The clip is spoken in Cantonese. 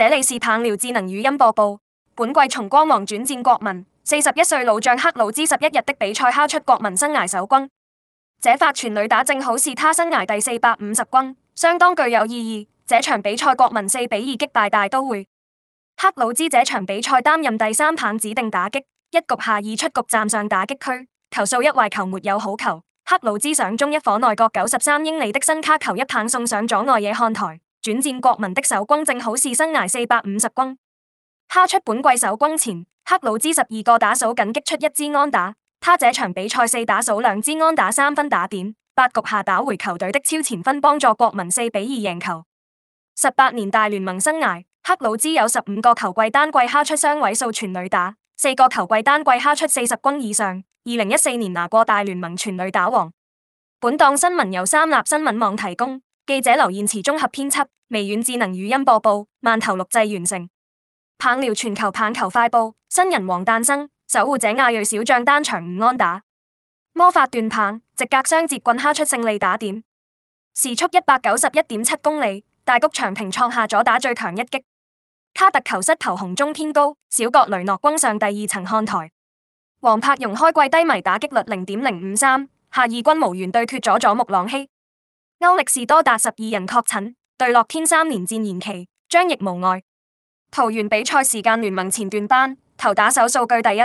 這裡是棒聊智能語音播報。本季從光芒轉戰國民，四十一歲老將克魯茲十一日的比賽敲出國民生涯首轟，這發全壘打正好是他生涯第四百五十轟，相當具有意義。這場比賽國民四比二擊敗大，大都會，克魯茲這場比賽擔任第三棒指定打擊，一局下二出局站上打擊區，球數一壞球沒有好球，克魯茲上中一顆內角九十三英里的伸卡球一棒送上左外野看台。轉戰國民的首轟正好是生涯四百五十轟。敲出本季首轟前，克魯茲十二個打數僅擊，擊出一支安打。他這場比賽四打數兩支安打，三分打點，八局下打回球隊的超前分，幫助國民四比二贏球。十八年大聯盟生涯，克魯茲有十五個球季單季敲出雙位數全壘打，四個球季單季敲出四十轟以上。二零一四年拿過大聯盟全壘打王。本檔新聞由三立新聞網提供。記者劉賢慈綜合編輯，微軟智能語音播報，萬頭錄製完成棒球全球棒球快報，新人王誕生，守護者亞裔小將單場唔安打，魔法斷棒，直隔雙節棍敲出勝利打點，時速一百九十一點七公里，大谷翔平創下左打最強一擊，卡特球失投紅中偏高，小角雷諾轟上第二層看台，王柏榮開季低迷打擊率零點零五三，下二軍無緣對決佐佐木朗希。歐力士多達十二人確診，對樂天三連戰延期，張亦無礙。桃園比賽時間聯盟前段班，投打手數據第一。